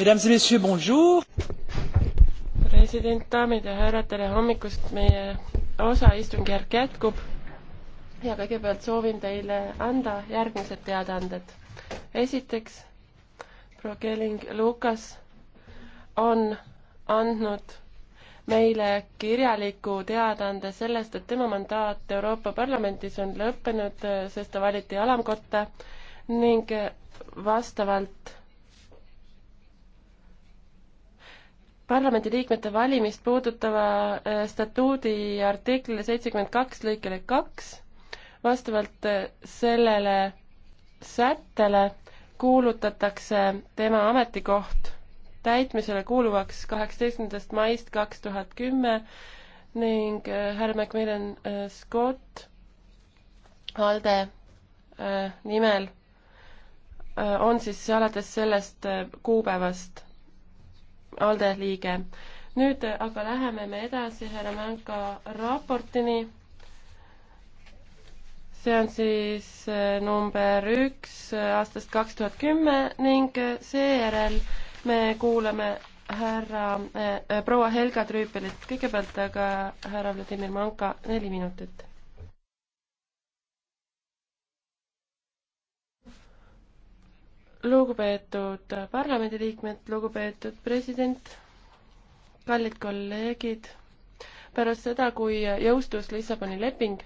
Mesdames et messieurs, bonjour. president, daamid ja härrad, tere hommikust, meie osaistungjärk jätkub ja kõigepealt soovin teile anda järgmised teadaanded. esiteks, proua Kelling Lukas on andnud meile kirjaliku teadaande sellest, et tema mandaat Euroopa Parlamendis on lõppenud, sest ta valiti alamkotta ning vastavalt parlamendiliikmete valimist puudutava äh, statuudi artiklile seitsekümmend kaks lõikele kaks. vastavalt äh, sellele sättele kuulutatakse tema ametikoht täitmisele kuuluvaks kaheksateistkümnendast maist kaks tuhat kümme ning äh, härra Macmillan Scott ALDE nimel on siis alates sellest kuupäevast ALDE liige. nüüd aga läheme me edasi härra Mänka raportini. see on siis äh, number üks äh, aastast kaks tuhat kümme ning äh, seejärel me kuulame härra äh,, proua Helga Trüüpelit, kõigepealt aga härra Vladimir Manka, neli minutit lugupeetud parlamendiliikmed, lugupeetud president, kallid kolleegid, pärast seda, kui jõustus Lissaboni leping,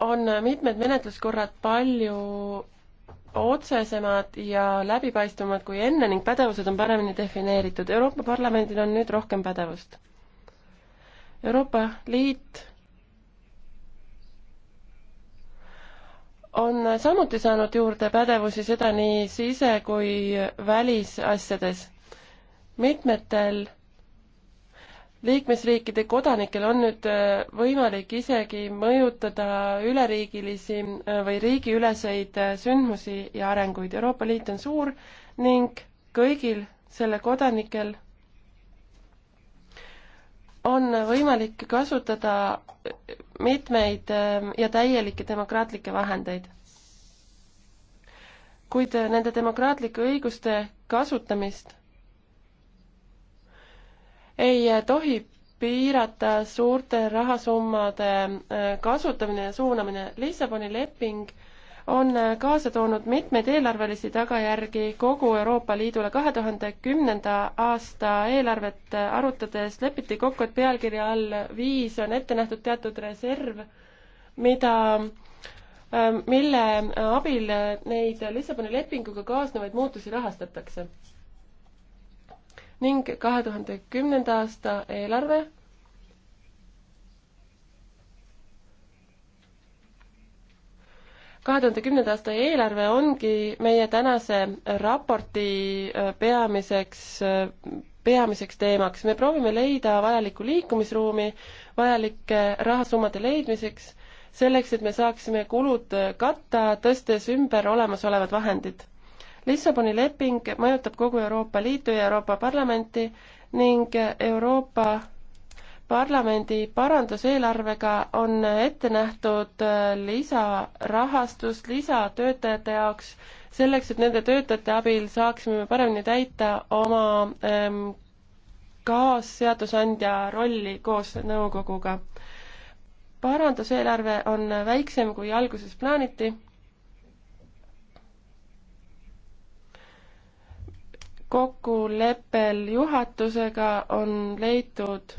on mitmed menetluskorrad palju otsesemad ja läbipaistvamad kui enne ning pädevused on paremini defineeritud. Euroopa Parlamendil on nüüd rohkem pädevust. Euroopa Liit on samuti saanud juurde pädevusi, seda nii sise- kui välisasjades. mitmetel liikmesriikide kodanikel on nüüd äh, võimalik isegi mõjutada üleriigilisi äh, või riigiüleseid äh, sündmusi ja arenguid. Euroopa Liit on suur ning kõigil selle kodanikel on võimalik kasutada mitmeid ähm, ja täielikke demokraatlikke vahendeid. kuid äh, nende demokraatlike õiguste kasutamist ei äh, tohi piirata suurte rahasummade äh, kasutamine ja suunamine. Lissaboni leping äh, on kaasa toonud mitmeid eelarvelisi tagajärgi kogu Euroopa Liidule. kahe tuhande kümnenda aasta eelarvet arutades lepiti kokku, et pealkirja all viis on ette nähtud teatud reserv, mida, ähm, mille abil neid Lissaboni lepinguga kaasnevaid muutusi rahastatakse. ning kahe tuhande kümnenda aasta eelarve kahe tuhande kümnenda aasta eelarve ongi meie tänase raporti äh, peamiseks, äh, peamiseks teemaks. me proovime leida vajalikku liikumisruumi vajalike rahasummade leidmiseks, selleks, et me saaksime kulud äh, katta, tõstes ümber olemasolevad vahendid. Lissaboni leping mõjutab kogu Euroopa Liitu ja Euroopa Parlamenti ning Euroopa parlamendi paranduseelarvega on ette nähtud äh, lisarahastus lisatöötajate jaoks, selleks, et nende töötajate abil saaksime paremini täita oma ähm, kaasseadusandja rolli koos nõukoguga. paranduseelarve on väiksem, kui alguses plaaniti kokkuleppel juhatusega on leitud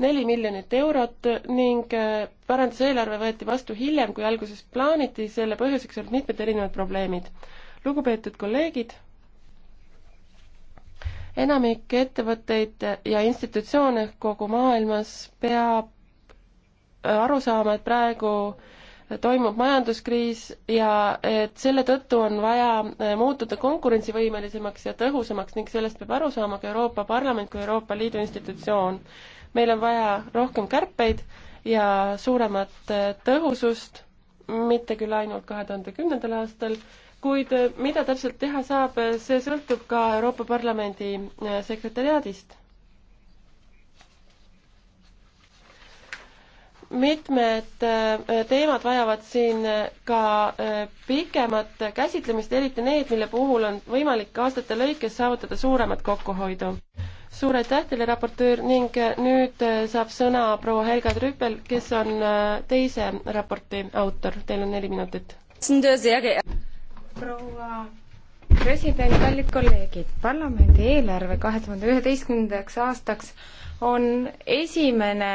neli miljonit eurot ning äh, paranduseelarve võeti vastu hiljem, kui alguses plaaniti, selle põhjuseks olid mitmed erinevad probleemid. lugupeetud kolleegid, enamik ettevõtteid ja institutsioone kogu maailmas peab äh, aru saama, et praegu toimub majanduskriis ja et selle tõttu on vaja äh, muutuda konkurentsivõimelisemaks ja tõhusamaks ning sellest peab aru saama ka Euroopa Parlament kui Euroopa Liidu institutsioon meil on vaja rohkem kärpeid ja suuremat äh, tõhusust, mitte küll ainult kahe tuhande kümnendal aastal, kuid äh, mida täpselt teha saab, äh, see sõltub ka Euroopa Parlamendi sekretäriaadist. mitmed teemad vajavad siin ka pikemat käsitlemist, eriti need, mille puhul on võimalik aastate lõikes saavutada suuremat kokkuhoidu suur aitäh teile, raportöör, ning äh, nüüd äh, saab sõna proua Helga Trüppel, kes on äh, teise raporti autor, teil on neli minutit. proua president, kallid kolleegid, parlamendi eelarve kahe tuhande üheteistkümnendaks aastaks on esimene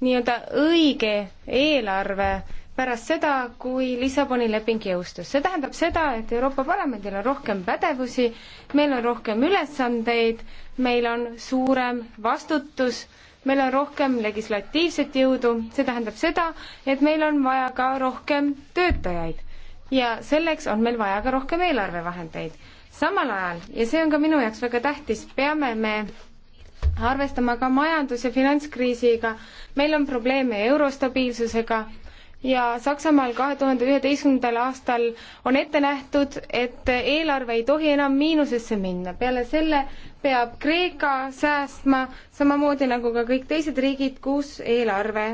nii-öelda õige eelarve, pärast seda, kui Lissaboni leping jõustus. see tähendab seda, et Euroopa Parlamendil on rohkem pädevusi, meil on rohkem ülesandeid, meil on suurem vastutus, meil on rohkem legislatiivset jõudu, see tähendab seda, et meil on vaja ka rohkem töötajaid ja selleks on meil vaja ka rohkem eelarvevahendeid. samal ajal, ja see on ka minu jaoks väga tähtis, peame me arvestama ka majandus- ja finantskriisiga, meil on probleeme eurostabiilsusega, ja Saksamaal kahe tuhande üheteistkümnendal aastal on ette nähtud, et eelarve ei tohi enam miinusesse minna. peale selle peab Kreeka säästma, samamoodi nagu ka kõik teised riigid, kus eelarve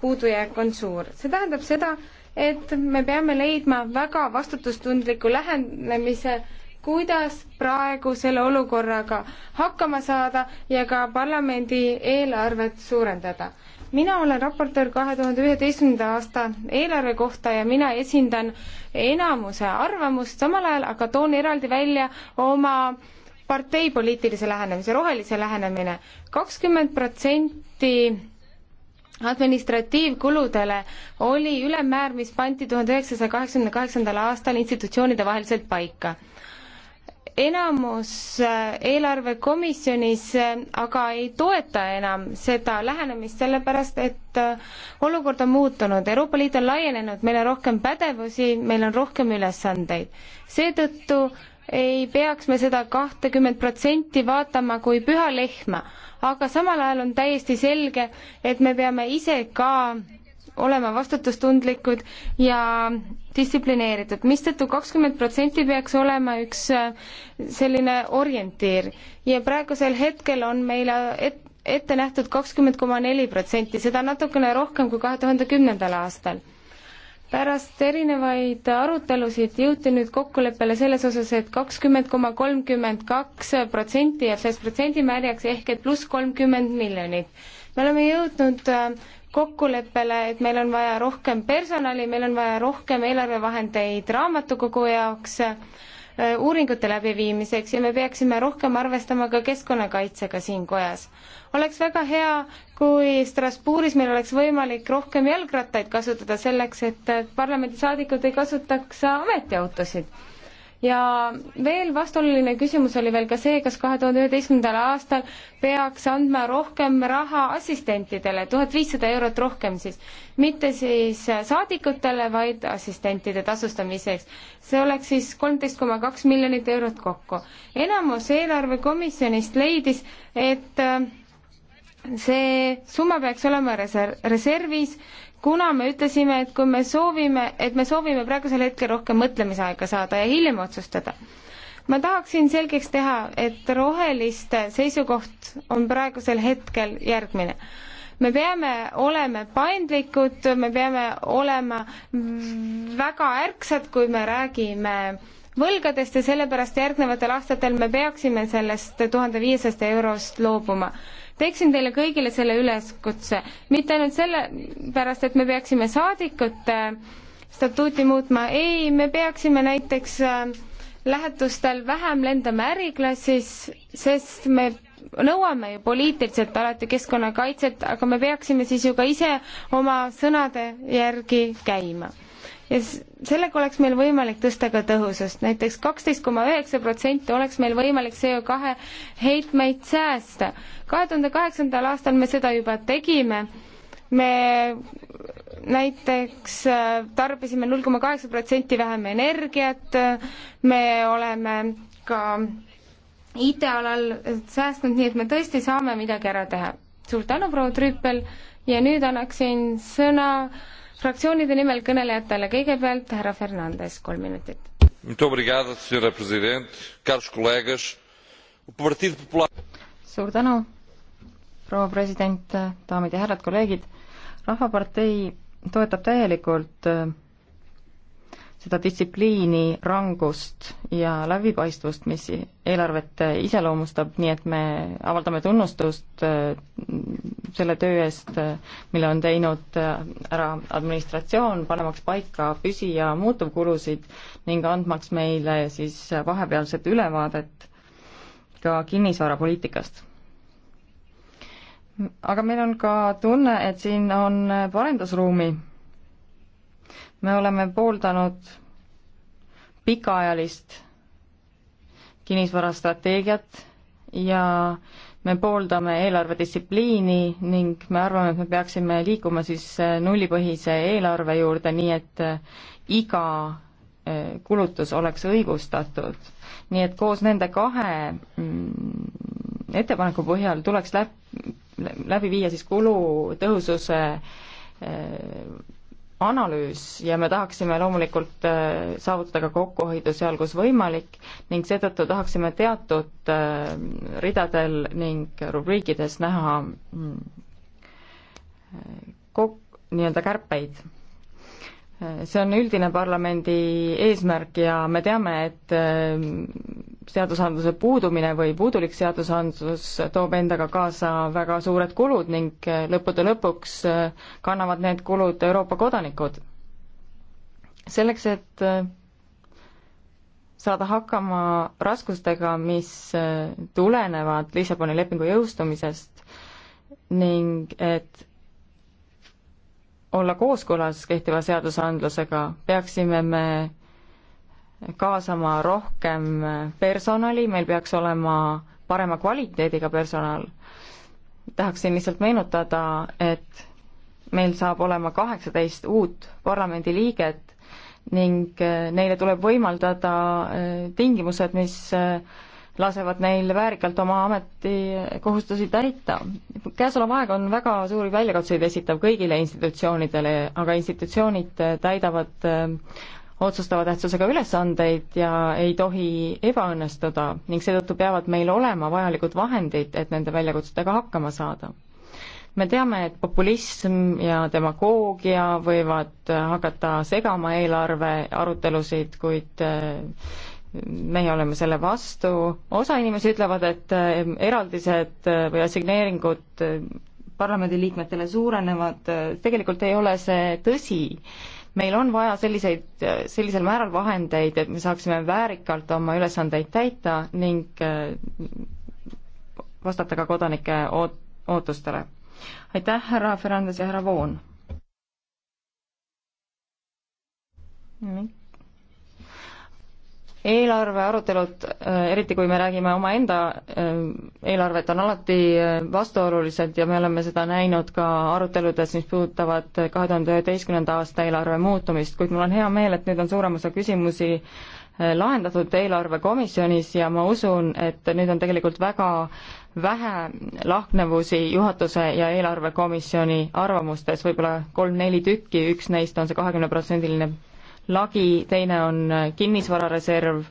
puudujääk on suur. see tähendab seda, et me peame leidma väga vastutustundliku lähenemise, kuidas praegu selle olukorraga hakkama saada ja ka parlamendi eelarvet suurendada mina olen raportöör kahe tuhande üheteistkümnenda aasta eelarve kohta ja mina esindan enamuse arvamust, samal ajal aga toon eraldi välja oma parteipoliitilise lähenemise, rohelise lähenemine. kakskümmend protsenti administratiivkuludele oli ülemmäär, mis pandi tuhande üheksasaja kaheksakümne kaheksandal aastal institutsioonide vaheliselt paika enamus äh, eelarvekomisjonis äh, aga ei toeta enam seda lähenemist, sellepärast et äh, olukord on muutunud, Euroopa Liit on laienenud, meil on rohkem pädevusi, meil on rohkem ülesandeid. seetõttu ei peaks me seda kahtekümmet protsenti vaatama kui püha lehma, aga samal ajal on täiesti selge, et me peame ise ka olema vastutustundlikud ja distsiplineeritud, mistõttu kakskümmend protsenti peaks olema üks äh, selline orientiir ja praegusel hetkel on meile et, ette nähtud kakskümmend koma neli protsenti, seda natukene rohkem kui kahe tuhande kümnendal aastal pärast erinevaid arutelusid jõuti nüüd kokkuleppele selles osas et, et kakskümmend koma kolmkümmend kaks protsenti jääb sellest protsendimärjaks ehk et pluss kolmkümmend miljonit. me oleme jõudnud äh, kokkuleppele, et meil on vaja rohkem personali, meil on vaja rohkem eelarvevahendeid raamatukogu jaoks, äh, uuringute läbiviimiseks ja me peaksime rohkem arvestama ka keskkonnakaitsega siin kojas. oleks väga hea, kui Strasbourgis meil oleks võimalik rohkem jalgrattaid kasutada selleks, et parlamendisaadikud ei kasutaks ametiautosid ja veel vastuoluline küsimus oli veel ka see, kas kahe tuhande üheteistkümnendal aastal peaks andma rohkem raha assistentidele, tuhat viissada eurot rohkem siis, mitte siis saadikutele, vaid assistentide tasustamiseks. see oleks siis kolmteist koma kaks miljonit eurot kokku. enamus eelarvekomisjonist leidis, et see summa peaks olema reserv, reservis kuna me ütlesime, et kui me soovime, et me soovime praegusel hetkel rohkem mõtlemisaega saada ja hiljem otsustada. ma tahaksin selgeks teha, et roheliste seisukoht on praegusel hetkel järgmine me peame olema paindlikud, me peame olema väga ärksad, kui me räägime äh, võlgadest ja sellepärast järgnevatel aastatel me peaksime sellest tuhande viiesajast eurost loobuma teeksin teile kõigile selle üleskutse, mitte ainult sellepärast, et me peaksime saadikute äh, statuuti muutma, ei, me peaksime näiteks äh, lähetustel vähem lendama äriklassis, sest me nõuame ju poliitiliselt alati keskkonnakaitset, aga me peaksime siis ju ka ise oma sõnade järgi käima ja sellega oleks meil võimalik tõsta ka tõhusust näiteks, näiteks kaksteist koma üheksa protsenti oleks meil võimalik CO2 heitmeid säästa. kahe tuhande kaheksandal aastal me seda juba tegime, me näiteks äh, tarbisime null koma kaheksa protsenti vähem energiat, me oleme ka IT-alal säästnud, nii et me tõesti saame midagi ära teha. suur tänu, proua Trüppel, ja nüüd annaksin sõna äh, fraktsioonide nimel kõnelejatele, kõigepealt härra Fernandes, kolm minutit. suur tänu, proua president, daamid ja härrad, kolleegid, Rahvapartei toetab täielikult äh, seda distsipliini, rangust ja läbipaistvust, mis eelarvet iseloomustab, nii et me avaldame tunnustust äh, selle töö eest, mille on teinud äh, ära administratsioon, panemaks paika püsi- ja muutuvkulusid ning andmaks meile siis vahepealset ülevaadet ka kinnisvarapoliitikast. aga meil on ka tunne, et siin on parendusruumi. me oleme pooldanud pikaajalist kinnisvarastrateegiat ja äh, me pooldame eelarvedistsipliini ning me arvame, et me peaksime liikuma siis äh, nullipõhise eelarve juurde, nii et äh, iga äh, kulutus oleks õigustatud. nii et koos nende kahe mm, ettepaneku põhjal tuleks läb-, läbi viia siis kulutõhususe analüüs ja me tahaksime loomulikult äh, saavutada ka kokkuhoidu seal, kus võimalik ning seetõttu tahaksime teatud äh, ridadel ning rubriikides näha mm, äh, kok-, nii-öelda kärpeid see on üldine parlamendi eesmärk ja me teame, et äh, seadusandluse puudumine või puudulik seadusandlus toob endaga kaasa väga suured kulud ning äh, lõppude lõpuks äh, kannavad need kulud Euroopa kodanikud. selleks, et saada hakkama raskustega, mis tulenevad Lissaboni lepingu jõustumisest ning et olla kooskõlas kehtiva seadusandlusega, peaksime me kaasama rohkem personali, meil peaks olema parema kvaliteediga personal. tahaksin lihtsalt meenutada, et meil saab olema kaheksateist uut parlamendiliiget ning neile tuleb võimaldada eh, tingimused, mis eh, lasevad neil väärikalt oma ametikohustusi täita. käesolev aeg on väga suuri väljakutseid esitav kõigile institutsioonidele, aga institutsioonid täidavad äh, otsustava tähtsusega ülesandeid ja ei tohi ebaõnnestuda ning seetõttu peavad meil olema vajalikud vahendid, et nende väljakutsetega hakkama saada. me teame, et populism ja demagoogia võivad hakata segama eelarve arutelusid, kuid äh, meie oleme selle vastu, osa inimesi ütlevad, et eraldised eh, või assigneeringud eh, parlamendiliikmetele suurenevad, tegelikult ei ole see tõsi. meil on vaja selliseid, eh, sellisel määral vahendeid, et me saaksime väärikalt oma ülesandeid täita ning vastata ka kodanike oot-, ootustele. aitäh, härra Fernandes ja härra Voon! nii eelarve arutelud, äh, eriti kui me räägime omaenda äh, eelarvet, on alati äh, vastuolulised ja me oleme seda näinud ka aruteludes, mis puudutavad kahe tuhande üheteistkümnenda aasta eelarve muutumist, kuid mul on hea meel, et nüüd on suurem osa küsimusi lahendatud eelarvekomisjonis ja ma usun, et nüüd on tegelikult väga vähe lahknevusi juhatuse ja eelarvekomisjoni arvamustes, võib-olla kolm-neli tükki, üks neist on see kahekümneprotsendiline lagi, teine on kinnisvarareserv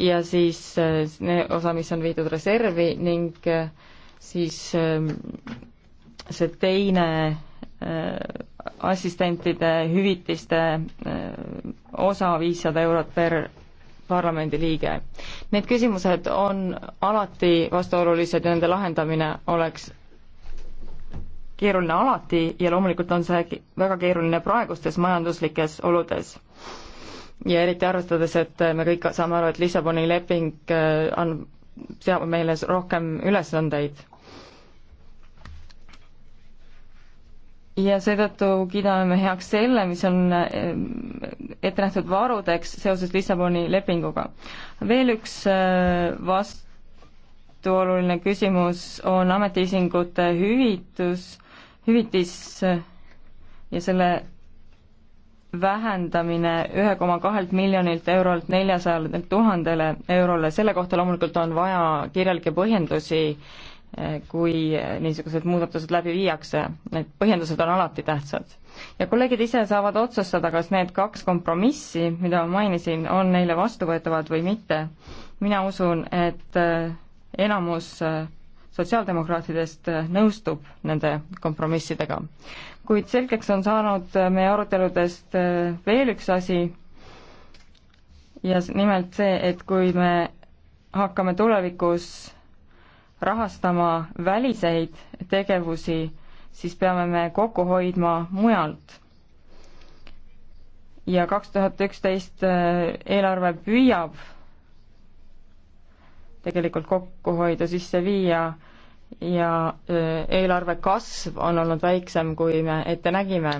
ja siis eh, osa, mis on viidud reservi ning eh, siis eh, see teine assistentide hüvitiste osa viissada eurot per parlamendiliige. Need küsimused on alati vastuolulised ja nende lahendamine oleks keeruline alati ja loomulikult on see väga keeruline praegustes majanduslikes oludes. ja eriti arvestades, et me kõik saame aru, et Lissaboni leping äh, on, seab meile rohkem ülesandeid. ja seetõttu kiidame me heaks selle, mis on äh, ette nähtud varudeks seoses Lissaboni lepinguga. veel üks vast-, äh, vastuoluline küsimus on ametiisingute hüvitus hüvitis ja selle vähendamine ühe koma kahelt miljonilt eurolt neljasajale tuhandele eurole, selle kohta loomulikult on vaja kirjalikke põhjendusi, kui niisugused muudatused läbi viiakse, need põhjendused on alati tähtsad. ja kolleegid ise saavad otsustada, kas need kaks kompromissi, mida ma mainisin, on neile vastuvõetavad või mitte. mina usun, et enamus sotsiaaldemokraatidest nõustub nende kompromissidega. kuid selgeks on saanud meie aruteludest veel üks asi ja nimelt see, et kui me hakkame tulevikus rahastama väliseid tegevusi, siis peame me kokku hoidma mujalt. ja kaks tuhat üksteist äh, eelarve püüab tegelikult kokkuhoidu sisse viia ja eelarve kasv on olnud väiksem, kui me ette nägime.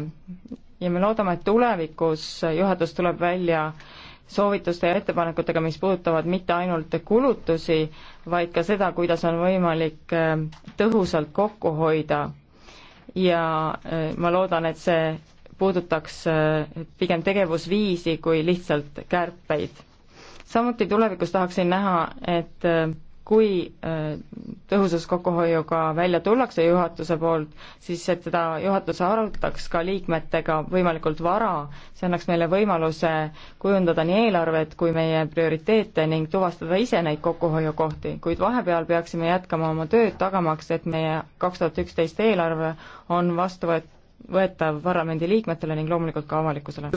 ja me loodame, et tulevikus juhatus tuleb välja soovituste ja ettepanekutega, mis puudutavad mitte ainult kulutusi, vaid ka seda, kuidas on võimalik tõhusalt kokku hoida. ja ma loodan, et see puudutaks pigem tegevusviisi kui lihtsalt kärpeid samuti tulevikus tahaksin näha, et äh, kui äh, tõhusas kokkuhoiuga välja tullakse juhatuse poolt, siis et seda juhatus arutaks ka liikmetega võimalikult vara, see annaks meile võimaluse kujundada nii eelarvet kui meie prioriteete ning tuvastada ise neid kokkuhoiukohti, kuid vahepeal peaksime jätkama oma tööd, tagamaks, et meie kaks tuhat üksteist eelarve on vastu võet-, võetav parlamendi liikmetele ning loomulikult ka avalikkusele.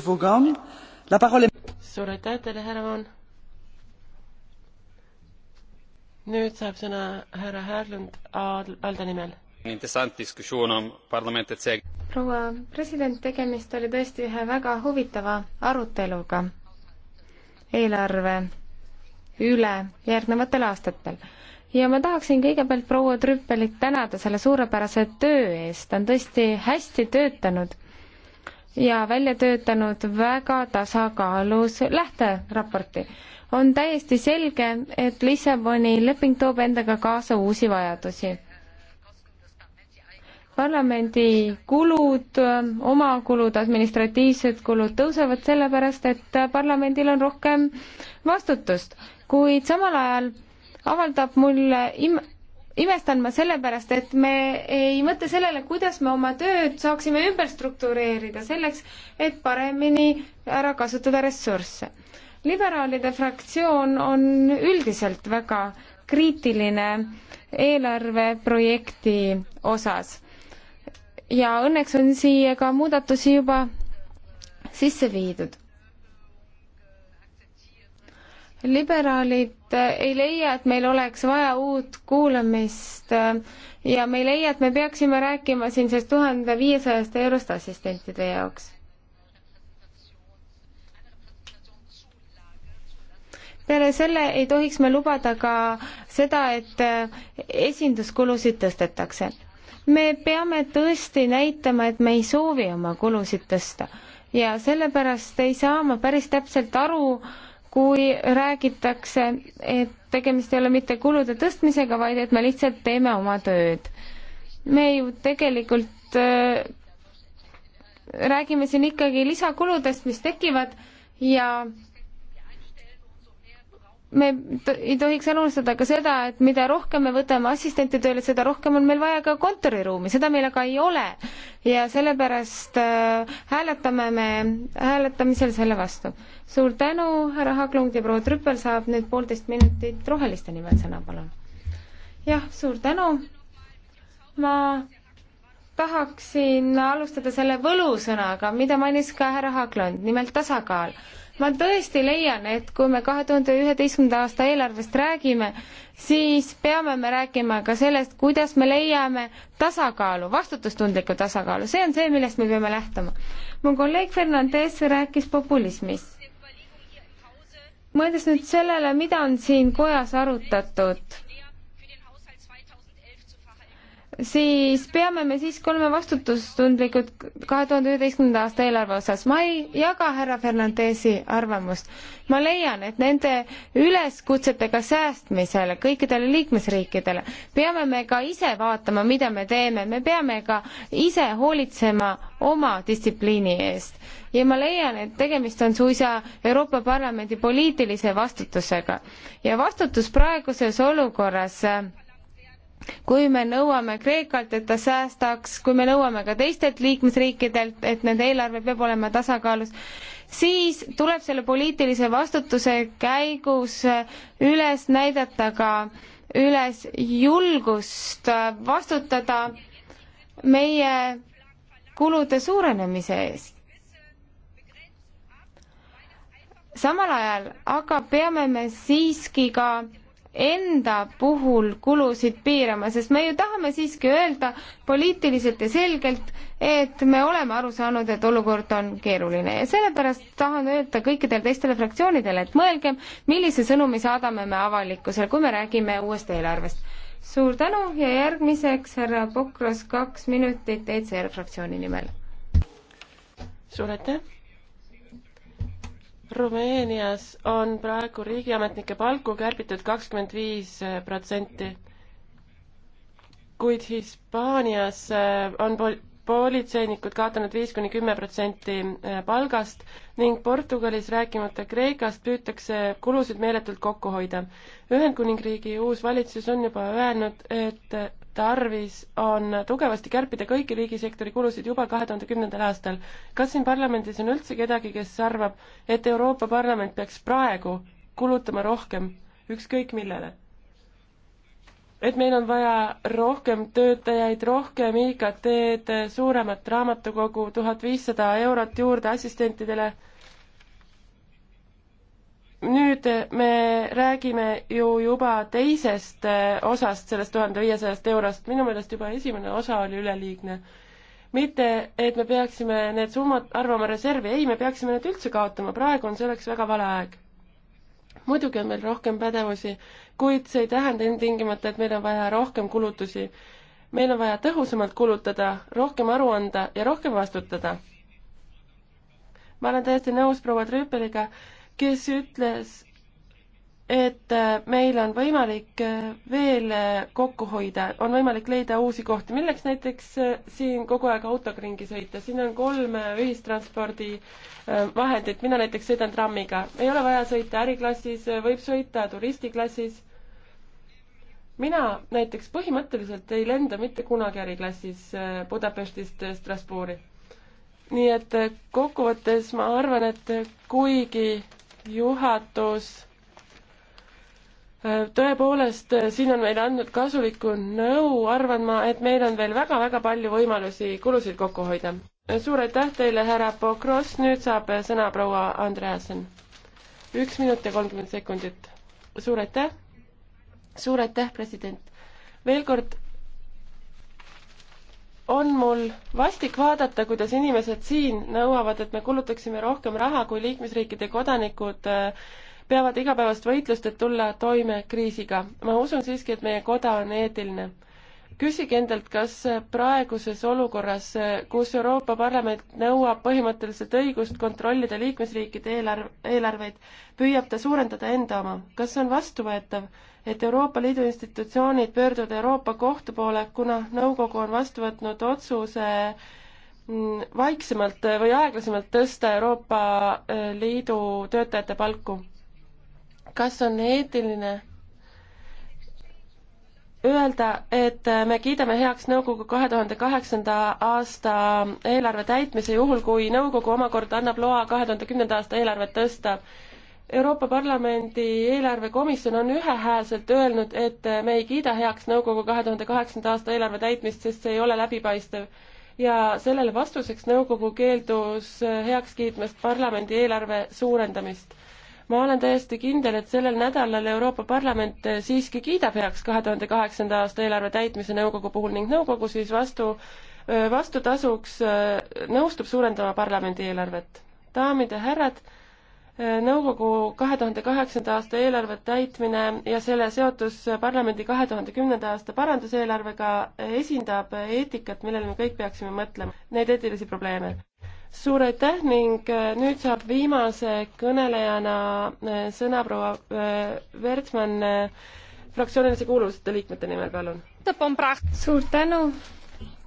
suur aitäh teile, härra Vaan! nüüd saab sõna härra Härlund Alde nimel. proua president, tegemist oli tõesti ühe väga huvitava aruteluga eelarve üle järgnevatel aastatel. ja ma tahaksin kõigepealt proua Trüppelit tänada selle suurepärase töö eest, ta on tõesti hästi töötanud ja välja töötanud väga tasakaalus lähteraporti. on täiesti selge, et Lissaboni leping toob endaga kaasa uusi vajadusi. parlamendi kulud, omakulud, administratiivsed kulud tõusevad sellepärast, et parlamendil on rohkem vastutust, kuid samal ajal avaldab mulle im-, imestan ma sellepärast, et me ei mõtle sellele, kuidas me oma tööd saaksime ümber struktureerida selleks, et paremini ära kasutada ressursse. liberaalide fraktsioon on üldiselt väga kriitiline eelarveprojekti osas. ja õnneks on siia ka muudatusi juba sisse viidud. liberaalid Äh, ei leia, et meil oleks vaja uut kuulamist äh, ja me ei leia, et me peaksime rääkima siin sellest tuhande viiesajast eurost assistentide jaoks. peale selle ei tohiks me lubada ka seda, et äh, esinduskulusid tõstetakse. me peame tõesti näitama, et me ei soovi oma kulusid tõsta ja sellepärast ei saa ma päris täpselt aru, kui räägitakse, et tegemist ei ole mitte kulude tõstmisega, vaid et me lihtsalt teeme oma tööd. me ju tegelikult äh, räägime siin ikkagi lisakuludest, mis tekivad ja me ei tohiks unustada ka seda, et mida rohkem me võtame assistente tööle, seda rohkem on meil vaja ka kontoriruumi, seda meil aga ei ole. ja sellepärast äh, hääletame me hääletamisel selle vastu. suur tänu, härra Haglund ja proua Trüppel saab nüüd poolteist minutit roheliste nimel sõna, palun. jah, suur tänu. ma tahaksin alustada selle võlusõnaga, mida mainis ka härra Haglund, nimelt tasakaal ma tõesti leian, et kui me kahe tuhande üheteistkümnenda aasta eelarvest räägime, siis peame me rääkima ka sellest, kuidas me leiame tasakaalu, vastutustundliku tasakaalu, see on see, millest me peame lähtuma. mu kolleeg Fernandes rääkis populismist. mõeldes nüüd sellele, mida on siin kojas arutatud siis peame me siiski olema vastutustundlikud kahe tuhande üheteistkümnenda aasta eelarve osas. ma ei jaga härra Fernandesi arvamust. ma leian, et nende üleskutsetega säästmisele kõikidele liikmesriikidele peame me ka ise vaatama, mida me teeme, me peame ka ise hoolitsema oma distsipliini eest. ja ma leian, et tegemist on suisa Euroopa Parlamendi poliitilise vastutusega ja vastutus praeguses olukorras äh, kui me nõuame Kreekalt, et ta säästaks, kui me nõuame ka teistelt liikmesriikidelt, et nende eelarve peab olema tasakaalus, siis tuleb selle poliitilise vastutuse käigus üles näidata ka üles julgust vastutada meie kulude suurenemise eest. samal ajal aga peame me siiski ka enda puhul kulusid piirama, sest me ju tahame siiski öelda poliitiliselt ja selgelt, et me oleme aru saanud, et olukord on keeruline ja sellepärast tahan öelda kõikidele teistele fraktsioonidele, et mõelgem, millise sõnumi saadame me avalikkusele, kui me räägime uuest eelarvest. suur tänu ja järgmiseks härra Pokros kaks minutit ECR fraktsiooni nimel. suur aitäh Rumeenias on praegu riigiametnike palku kärbitud kakskümmend viis äh, protsenti, kuid Hispaanias äh, on pol-, politseinikud kaotanud viis kuni kümme protsenti äh, palgast ning Portugalis, rääkimata Kreekast, püütakse kulusid meeletult kokku hoida. Ühendkuningriigi uus valitsus on juba öelnud, et tarvis on tugevasti kärpida kõiki riigisektori kulusid juba kahe tuhande kümnendal aastal. kas siin parlamendis on üldse kedagi, kes arvab, et Euroopa Parlament peaks praegu kulutama rohkem ükskõik millele? et meil on vaja rohkem töötajaid, rohkem IKT-d, suuremat raamatukogu, tuhat viissada eurot juurde assistentidele nüüd eh, me räägime ju juba teisest eh, osast sellest tuhande viiesajast eurost, minu meelest juba esimene osa oli üleliigne. mitte, et me peaksime need summad arvama reservi, ei, me peaksime need üldse kaotama, praegu on selleks väga vale aeg. muidugi on meil rohkem pädevusi, kuid see ei tähenda ilmtingimata, et meil on vaja rohkem kulutusi. meil on vaja tõhusamalt kulutada, rohkem aru anda ja rohkem vastutada. ma olen täiesti nõus proua Trüüpeliga, kes ütles, et äh, meil on võimalik äh, veel äh, kokku hoida, on võimalik leida uusi kohti, milleks näiteks siin kogu aeg autoga ringi sõita, siin on kolm ühistranspordivahendit, mina näiteks sõidan trammiga, ei ole vaja sõita äriklassis, võib sõita turistiklassis. mina näiteks põhimõtteliselt ei lenda mitte kunagi äriklassis Budapestist Strasbourgi. nii et kokkuvõttes ma arvan, et kuigi juhatus tõepoolest, siin on meile andnud kasulikku nõu, arvan ma, et meil on veel väga-väga palju võimalusi kulusid kokku hoida. suur aitäh teile, härra Pokros, nüüd saab sõna proua Andreasen. üks minut ja kolmkümmend sekundit. suur aitäh, suur aitäh, president. veel kord on mul vastik vaadata, kuidas inimesed siin nõuavad, et me kulutaksime rohkem raha, kui liikmesriikide kodanikud äh, peavad igapäevast võitlust, et tulla toime kriisiga. ma usun siiski, et meie koda on eetiline küsige endalt, kas praeguses olukorras, kus Euroopa Parlament nõuab põhimõtteliselt õigust kontrollida liikmesriikide eelarv, eelarveid, püüab ta suurendada enda oma. kas on vastuvõetav, et Euroopa Liidu institutsioonid pöörduvad Euroopa Kohtu poole, kuna nõukogu on vastu võtnud otsuse mm, vaiksemalt või aeglasemalt tõsta Euroopa eh, Liidu töötajate palku? kas on eetiline öelda, et me kiidame heaks nõukogu kahe tuhande kaheksanda aasta eelarve täitmise juhul, kui nõukogu omakorda annab loa kahe tuhande kümnenda aasta eelarvet tõsta. Euroopa Parlamendi eelarvekomisjon on ühehäälselt öelnud, et me ei kiida heaks nõukogu kahe tuhande kaheksanda aasta eelarve täitmist, sest see ei ole läbipaistev. ja sellele vastuseks nõukogu keeldus heaks kiitmast parlamendi eelarve suurendamist ma olen täiesti kindel, et sellel nädalal Euroopa Parlament siiski kiidab heaks kahe tuhande kaheksanda aasta eelarve täitmise nõukogu puhul ning nõukogu siis vastu, vastutasuks nõustub suurendama parlamendi eelarvet. daamid ja härrad, nõukogu kahe tuhande kaheksanda aasta eelarve täitmine ja selle seotus parlamendi kahe tuhande kümnenda aasta paranduseelarvega esindab eetikat, millele me kõik peaksime mõtlema, neid eetilisi probleeme suur aitäh ning äh, nüüd saab viimase kõnelejana äh, sõna proua äh, Wertmann fraktsioonilise kuuluvuseta liikmete nimel, palun. suur tänu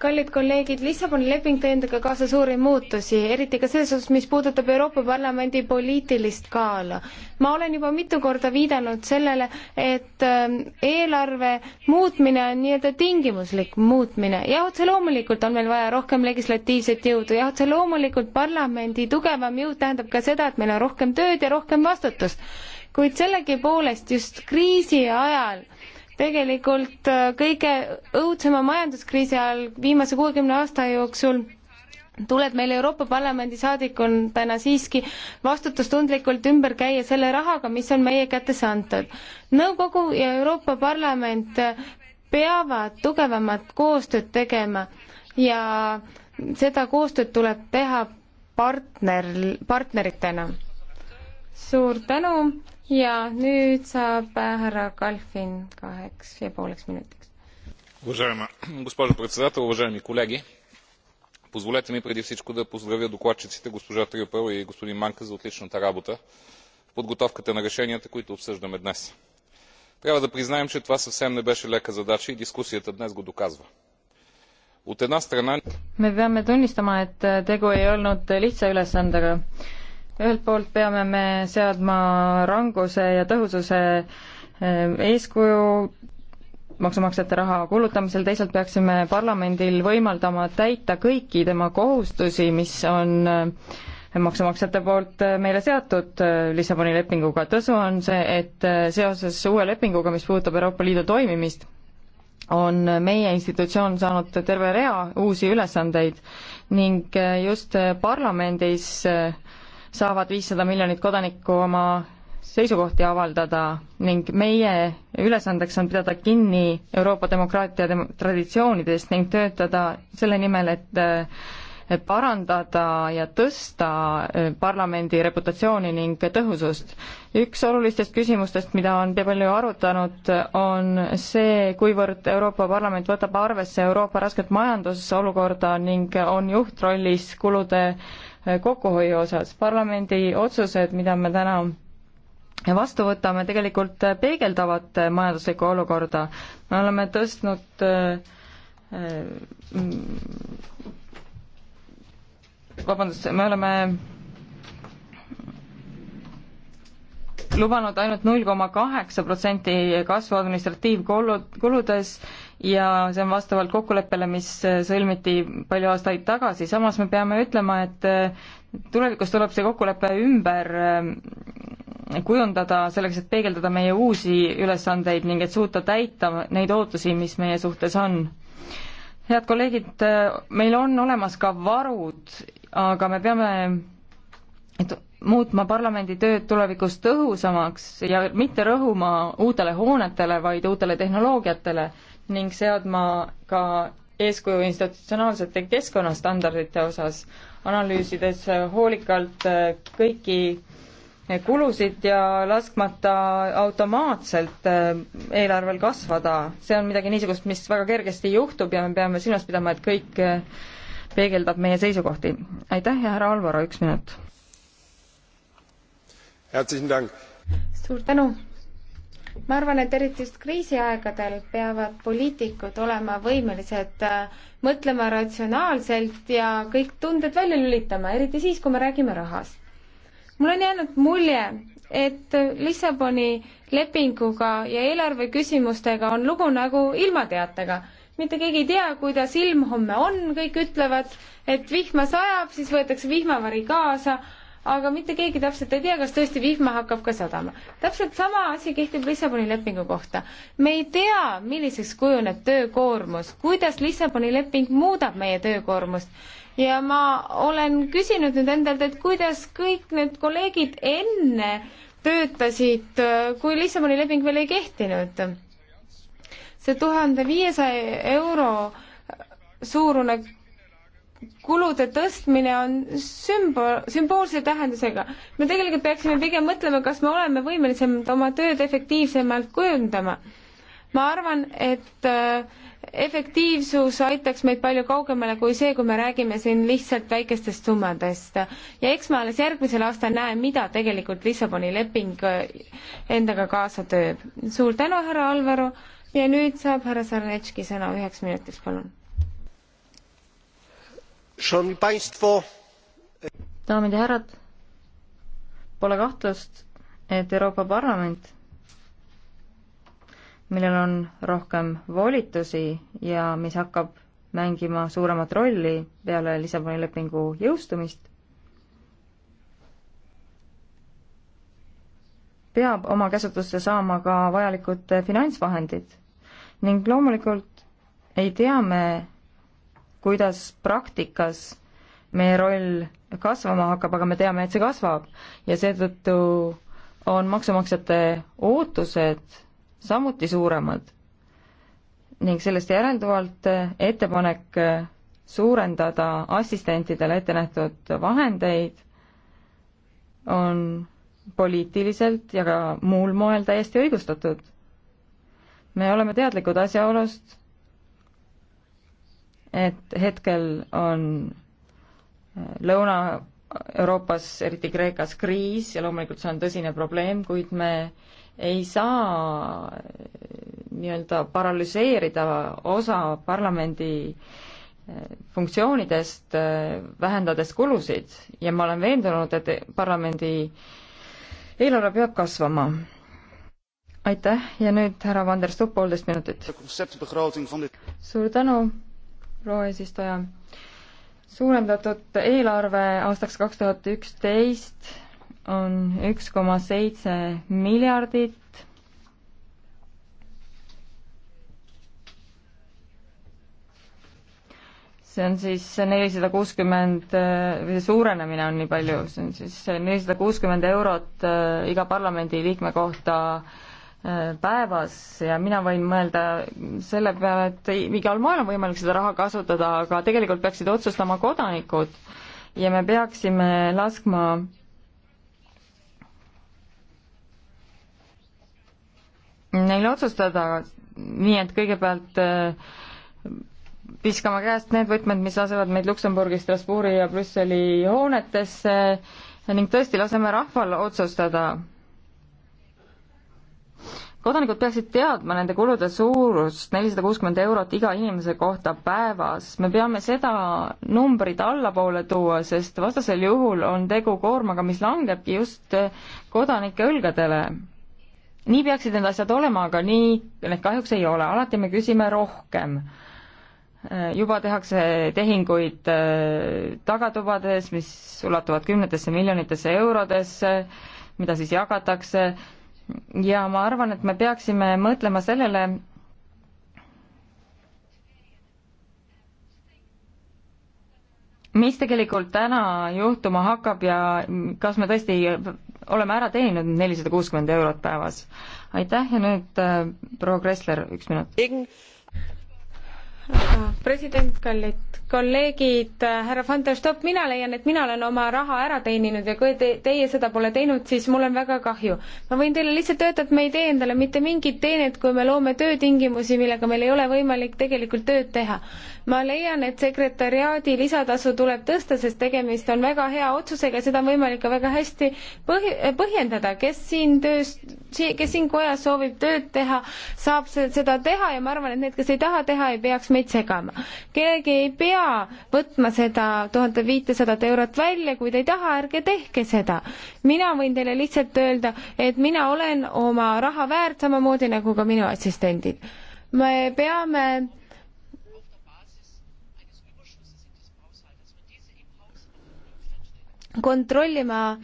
kallid kolleegid, Lissaboni leping tõi endaga kaasa suuri muutusi, eriti ka selles osas, mis puudutab Euroopa Parlamendi poliitilist kaalu. ma olen juba mitu korda viidanud sellele, et äh, eelarve muutmine on nii-öelda tingimuslik muutmine. jah, otse loomulikult on meil vaja rohkem legislatiivset jõudu, jah, otse loomulikult parlamendi tugevam jõud tähendab ka seda, et meil on rohkem tööd ja rohkem vastutust. kuid sellegipoolest just kriisi ajal tegelikult äh, kõige õudsema majanduskriisi ajal viimase kuuekümne aasta jooksul tuleb meil Euroopa Parlamendi saadikutena siiski vastutustundlikult ümber käia selle rahaga, mis on meie kätesse antud. nõukogu ja Euroopa Parlament äh, peavad tugevamat koostööd tegema ja seda koostööd tuleb teha partner, partneritena. suur tänu ja nüüd saab äh, härra Kalfin kaheks ja pooleks minutiks. Уважаема госпожо председател, уважаеми колеги! Позволете ми преди всичко да поздравя докладчиците госпожа Трюпел и господин Манка за отличната работа в подготовката на решенията, които обсъждаме днес. Трябва да признаем, че това съвсем не беше лека задача и дискусията днес го доказва от една страна me peame tunnistama, et э, tegu ei olnud lihtsa ülesandega ühelt poolt peame me seadma ranguse ja tõhususe eh, eeskuju maksumaksjate raha kulutamisel, teisalt peaksime parlamendil võimaldama täita kõiki tema kohustusi, mis on eh, maksumaksjate poolt eh, meile seatud Lissaboni lepinguga. tõsu on see, et seoses uue lepinguga, mis puudutab Euroopa Liidu toimimist, on meie institutsioon saanud terve rea uusi ülesandeid ning just parlamendis äh, saavad viissada miljonit kodanikku oma seisukohti avaldada ning meie ülesandeks on pidada kinni Euroopa demokraatia dem-, traditsioonidest ning töötada selle nimel, et parandada ja tõsta äh, parlamendi reputatsiooni ning tõhusust. üks olulistest küsimustest, mida on palju arutanud, on see, kuivõrd Euroopa Parlament võtab arvesse Euroopa rasket majandusolukorda ning on juhtrollis kulude kokkuhoiu osas. parlamendi otsused, mida me täna vastu võtame, tegelikult peegeldavad majanduslikku olukorda. me oleme tõstnud äh, mm, vabandust, me oleme lubanud ainult null koma kaheksa protsenti kasvu administratiivkuludes, kuludes ja see on vastavalt kokkuleppele, mis äh, sõlmiti palju aastaid tagasi, samas me peame ütlema, et äh, tulevikus tuleb see kokkulepe ümber äh, kujundada selleks, et peegeldada meie uusi ülesandeid ning et suuta täita neid ootusi, mis meie suhtes on. head kolleegid, meil on olemas ka varud, aga me peame muutma parlamendi tööd tulevikus tõhusamaks ja mitte rõhuma uutele hoonetele, vaid uutele tehnoloogiatele ning seadma ka eeskuju institutsionaalsete keskkonnastandardite osas, analüüsides hoolikalt äh, kõiki äh, kulusid ja laskmata automaatselt äh, eelarvel kasvada, see on midagi niisugust, mis väga kergesti juhtub ja me peame silmas pidama, et kõik peegeldab meie seisukohti. aitäh ja härra Alvaro, üks minut. suur tänu ma arvan, et eriti just kriisiaegadel peavad poliitikud olema võimelised äh, mõtlema ratsionaalselt ja kõik tunded välja lülitama, eriti siis, kui me räägime rahast. mul on jäänud mulje, et Lissaboni lepinguga ja eelarve küsimustega on lugu nagu ilmateatega. mitte keegi ei tea, kuidas ilm homme on, kõik ütlevad, et vihma sajab, siis võetakse vihmavari kaasa aga mitte keegi täpselt ei tea, kas tõesti vihma hakkab ka sadama. täpselt sama asi kehtib Lissaboni lepingu kohta. me ei tea, milliseks kujuneb töökoormus, kuidas Lissaboni leping muudab meie töökoormust ja ma olen küsinud nüüd endalt, et kuidas kõik need kolleegid enne töötasid, kui Lissaboni leping veel ei kehtinud. see tuhande viiesaja euro suurune kulude tõstmine on sümbol, sümboolse tähendusega. me tegelikult peaksime pigem mõtlema, kas me oleme võimelisemad oma tööd efektiivsemalt kujundama. ma arvan, et äh, efektiivsus aitaks meid palju kaugemale kui see, kui me räägime siin lihtsalt väikestest summadest. ja eks ma alles järgmisel aastal näen, mida tegelikult Lissaboni leping äh, endaga kaasa tööb. suur tänu, härra Alvaru ja nüüd saab härra Sarnetški sõna üheks minutiks, palun daamid ja härrad, pole kahtlust, et Euroopa Parlament, millel on rohkem volitusi ja mis hakkab mängima suuremat rolli peale Lissaboni lepingu jõustumist, peab oma käsutusse saama ka vajalikud finantsvahendid ning loomulikult ei tea me kuidas praktikas meie roll kasvama hakkab, aga me teame, et see kasvab ja seetõttu on maksumaksjate ootused samuti suuremad. ning sellest järelduvalt ettepanek suurendada assistentidele ette nähtud vahendeid on poliitiliselt ja ka muul moel täiesti õigustatud. me oleme teadlikud asjaolust, et hetkel on äh, Lõuna-Euroopas, eriti Kreekas, kriis ja loomulikult see on tõsine probleem, kuid me ei saa äh, nii-öelda paralüseerida osa parlamendi äh, funktsioonidest, vähendades kulusid ja ma olen veendunud, et parlamendi eelarve peab kasvama aitäh ja nüüd härra Van der Stoep, poolteist minutit. suur tänu proua eesistuja. suurendatud eelarve aastaks kaks tuhat üksteist on üks koma seitse miljardit. see on siis nelisada kuuskümmend, või see suurenemine on nii palju, see on siis nelisada kuuskümmend eurot äh, iga parlamendiliikme kohta äh, päevas ja mina võin mõelda selle peale, et igal moel on võimalik seda raha kasutada, aga tegelikult peaksid otsustama kodanikud ja me peaksime laskma neil otsustada, nii et kõigepealt äh, viskama käest need võtmed, mis lasevad meid Luksemburgi, Strasbourgi ja Brüsseli hoonetesse ning tõesti laseme rahval otsustada kodanikud peaksid teadma nende kulude suurust, nelisada kuuskümmend eurot iga inimese kohta päevas. me peame seda numbrit allapoole tuua, sest vastasel juhul on tegu koormaga, mis langebki just kodanike õlgadele. nii peaksid need asjad olema, aga nii need kahjuks ei ole, alati me küsime rohkem juba tehakse tehinguid eh, tagatubades, mis ulatuvad kümnetesse miljonitesse eurodesse, mida siis jagatakse ja ma arvan, et me peaksime mõtlema sellele, mis tegelikult täna juhtuma hakkab ja kas me tõesti oleme ära teeninud nelisada kuuskümmend eurot päevas. aitäh ja nüüd äh, proua Kressler, üks minut. president, kallid kolleegid, härra van der Stopp, mina leian, et mina olen oma raha ära teeninud ja kui te, teie seda pole teinud, siis mul on väga kahju. ma võin teile lihtsalt öelda, et me ei tee endale mitte mingit teenet, kui me loome töötingimusi, millega meil ei ole võimalik tegelikult tööd teha. ma leian, et sekretäriaadi lisatasu tuleb tõsta, sest tegemist on väga hea otsusega, seda on võimalik ka väga hästi põh-, põhjendada, kes siin tööst see, kes siin kojas soovib tööd teha, saab seda teha ja ma arvan, et need, kes ei taha teha, ei peaks meid segama. keegi ei pea võtma seda tuhande viitesadat eurot välja, kui te ei taha, ärge tehke seda. mina võin teile lihtsalt öelda, et mina olen oma raha väärt, samamoodi nagu ka minu assistendid. me peame kontrollima,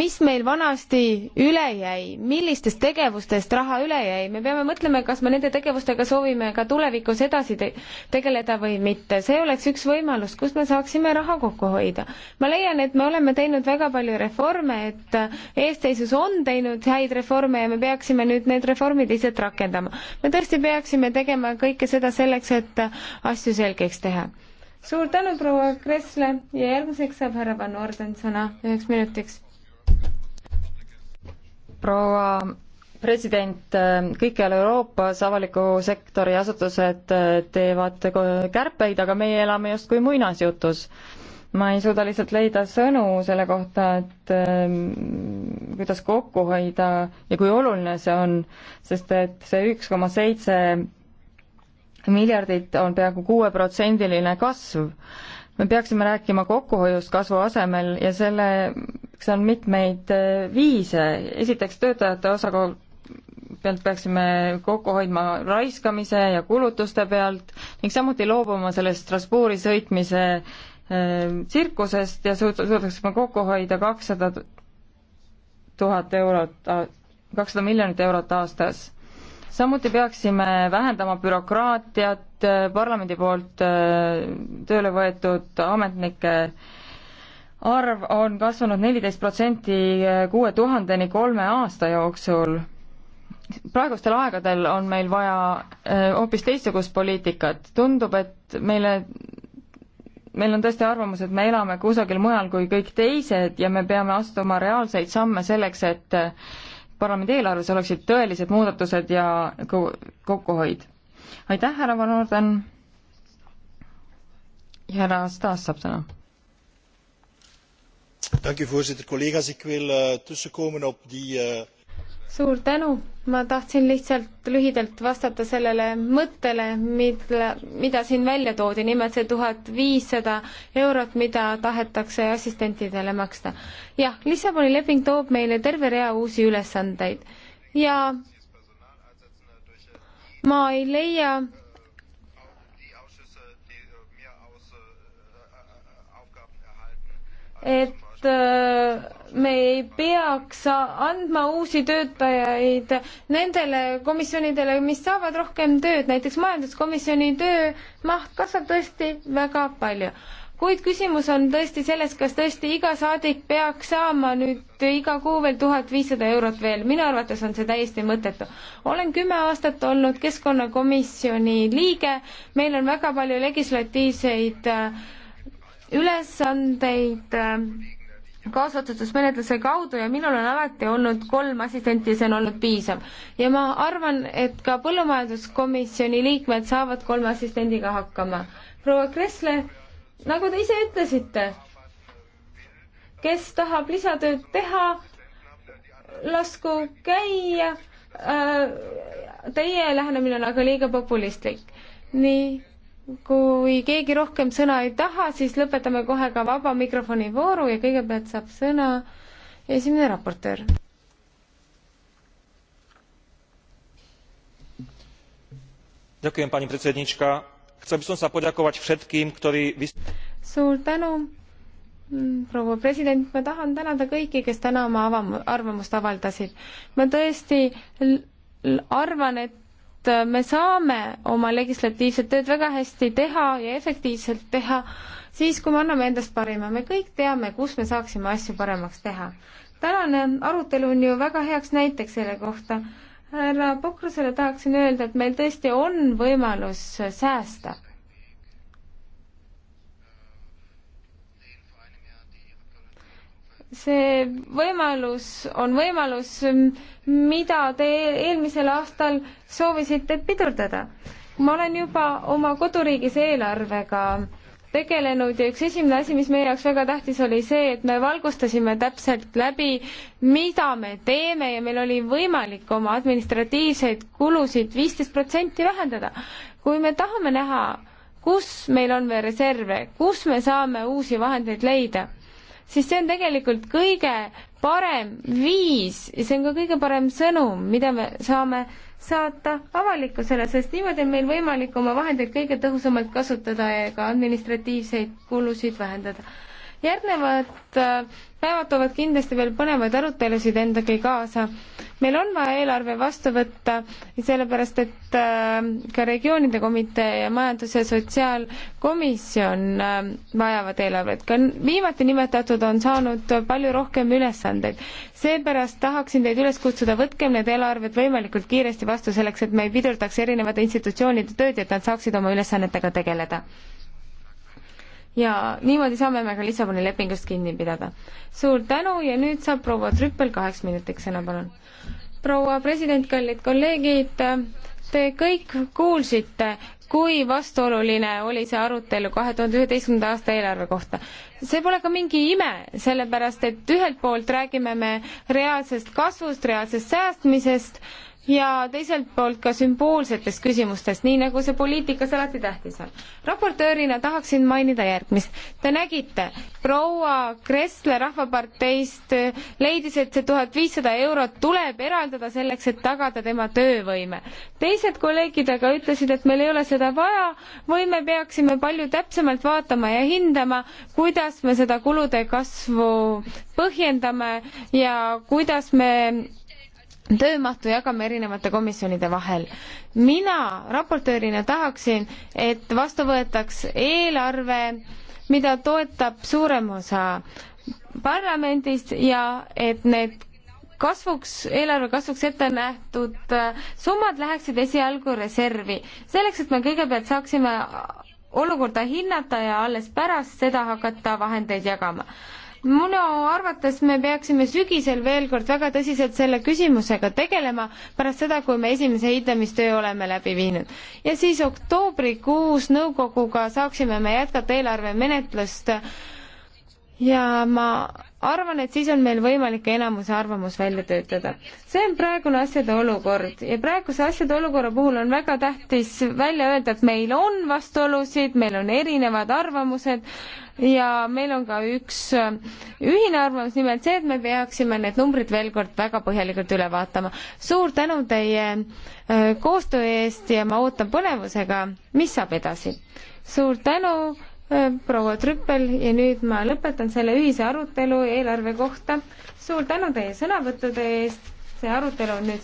mis meil vanasti üle jäi, millistest tegevustest raha üle jäi, me peame mõtlema, kas me nende tegevustega soovime ka tulevikus edasi te tegeleda või mitte. see oleks üks võimalus, kus me saaksime raha kokku hoida. ma leian, et me oleme teinud väga palju reforme, et eesteisus on teinud häid reforme ja me peaksime nüüd need reformid lihtsalt rakendama. me tõesti peaksime tegema kõike seda selleks, et asju selgeks teha suur tänu, proua Kressle ja järgmiseks saab härra Van Orden sõna üheks minutiks. proua president, kõikjal Euroopas avaliku sektori asutused äh, teevad kärpeid, aga meie elame justkui muinasjutus. ma ei suuda lihtsalt leida sõnu selle kohta, et ähm, kuidas kokku hoida ja kui oluline see on, sest et see üks koma seitse miljardit on peaaegu kuueprotsendiline kasv. me peaksime rääkima kokkuhoiust kasvu asemel ja selleks on mitmeid äh, viise, esiteks töötajate osakaal pealt peaksime kokku hoidma raiskamise ja kulutuste pealt ning samuti loobuma sellest Strasbourgi sõitmise äh, tsirkusest ja suudaksime kokku hoida kakssada tuhat eurot, kakssada miljonit eurot aastas samuti peaksime vähendama bürokraatiat äh, parlamendi poolt äh, tööle võetud ametnike arv on kasvanud neliteist protsenti äh, kuue tuhandeni kolme aasta jooksul. praegustel aegadel on meil vaja hoopis teistsugust poliitikat, tundub, et meile meil on tõesti arvamus, et me elame kusagil mujal kui kõik teised ja me peame astuma reaalseid samme selleks, et parlamendi eelarves oleksid tõelised muudatused ja kokkuhoid. aitäh, härra Van Orden. ja härra Staas saab sõna. Dank u voorzitter, collega's, ik wil uh, tussenkomen op die uh suur tänu, ma tahtsin lihtsalt lühidalt vastata sellele mõttele, mille, mida siin välja toodi, nimelt see tuhat viissada eurot, mida tahetakse assistentidele maksta. jah, Lissaboni leping toob meile terve rea uusi ülesandeid ja ma ei leia et äh, me ei peaks andma uusi töötajaid nendele komisjonidele, mis saavad rohkem tööd, näiteks majanduskomisjoni töömaht kasvab tõesti väga palju. kuid küsimus on tõesti selles, kas tõesti iga saadik peaks saama nüüd iga kuu veel tuhat viissada eurot veel, minu arvates on see täiesti mõttetu. olen kümme aastat olnud keskkonnakomisjoni liige, meil on väga palju legislatiivseid äh, ülesandeid äh, kaasotsustusmenetluse kaudu ja minul on alati olnud kolm assistenti ja see on olnud piisav. ja ma arvan, et ka põllumajanduskomisjoni liikmed saavad kolme assistendiga hakkama. proua Kressle, nagu te ise ütlesite, kes tahab lisatööd teha, lasku käia äh,. Teie lähenemine on aga liiga populistlik. nii kui keegi rohkem sõna ei taha, siis lõpetame kohe ka vaba mikrofoni vooru ja kõigepealt saab sõna esimene raportöör. Ďakujem, pani predsednička. Chcel by som sa poďakovať všetkým, ktorí... Suur tänu, mm, proua president, ma tahan tänada kõiki, kes täna oma avam-, arvamust avaldasid. ma tõesti arvan, et et äh, me saame oma legislatiivset tööd väga hästi teha ja efektiivselt teha siis, kui me anname endast parima. me kõik teame, kus me saaksime asju paremaks teha. tänane arutelu on ju väga heaks näiteks selle kohta. härra Pokrusele tahaksin öelda, et meil tõesti on võimalus säästa see võimalus on võimalus, mida te eelmisel aastal soovisite pidurdada. ma olen juba oma koduriigis eelarvega tegelenud ja üks esimene asi, mis meie jaoks väga tähtis, oli see, et me valgustasime täpselt läbi, mida me teeme ja meil oli võimalik oma administratiivseid kulusid viisteist protsenti vähendada. kui me tahame näha, kus meil on veel reserve, kus me saame uusi vahendeid leida siis see on tegelikult kõige parem viis ja see on ka kõige parem sõnum, mida me saame saata avalikkusele, sest niimoodi on meil võimalik oma vahendeid kõige tõhusamalt kasutada ja ka administratiivseid kulusid vähendada. järgnevad äh, päevad toovad kindlasti veel põnevaid arutelusid endagi kaasa meil on vaja eelarve vastu võtta, sellepärast et äh, ka regioonide komitee ja majandus- ja sotsiaalkomisjon äh, vajavad eelarvet. ka viimati nimetatud on saanud palju rohkem ülesandeid. seepärast tahaksin teid üles kutsuda, võtkem need eelarved võimalikult kiiresti vastu, selleks et me ei pidurdaks erinevate institutsioonide tööd ja et nad saaksid oma ülesannetega tegeleda ja niimoodi saame me ka Lissaboni lepingust kinni pidada. suur tänu ja nüüd saab proua Trüppel kaheks minutiks sõna, palun. proua president, kallid kolleegid, te kõik kuulsite, kui vastuoluline oli see arutelu kahe tuhande üheteistkümnenda aasta eelarve kohta. see pole ka mingi ime, sellepärast et ühelt poolt räägime me reaalsest kasvust, reaalsest säästmisest ja teiselt poolt ka sümboolsetest küsimustest, nii nagu see poliitikas alati tähtis on. raportöörina tahaksin mainida järgmist. Te nägite, proua Kressle Rahvaparteist leidis, et see tuhat viissada eurot tuleb eraldada selleks, et tagada tema töövõime. teised kolleegid aga ütlesid, et meil ei ole seda vaja või me peaksime palju täpsemalt vaatama ja hindama, kuidas me seda kulude kasvu põhjendame ja kuidas me töömahtu jagame erinevate komisjonide vahel. mina raportöörina tahaksin, et vastu võetaks eelarve, mida toetab suurem osa parlamendist ja et need kasvuks, eelarve kasvuks ette nähtud äh, summad läheksid esialgu reservi, selleks et me kõigepealt saaksime olukorda hinnata ja alles pärast seda hakata vahendeid jagama minu arvates me peaksime sügisel veel kord väga tõsiselt selle küsimusega tegelema pärast seda, kui me esimese hindamistöö oleme läbi viinud. ja siis oktoobrikuus nõukoguga saaksime me jätkata eelarvemenetlust ja ma arvan, et siis on meil võimalik enamuse arvamus välja töötada. see on praegune asjade olukord ja praeguse asjade olukorra puhul on väga tähtis välja öelda, et meil on vastuolusid, meil on erinevad arvamused ja meil on ka üks äh, ühine arvamus, nimelt see, et me peaksime need numbrid veel kord väga põhjalikult üle vaatama. suur tänu teie äh, koostöö eest ja ma ootan põnevusega, mis saab edasi. suur tänu Äh, proua Trüppel ja nüüd ma lõpetan selle ühise arutelu eelarve kohta. suur tänu teie sõnavõttude eest, see arutelu on nüüd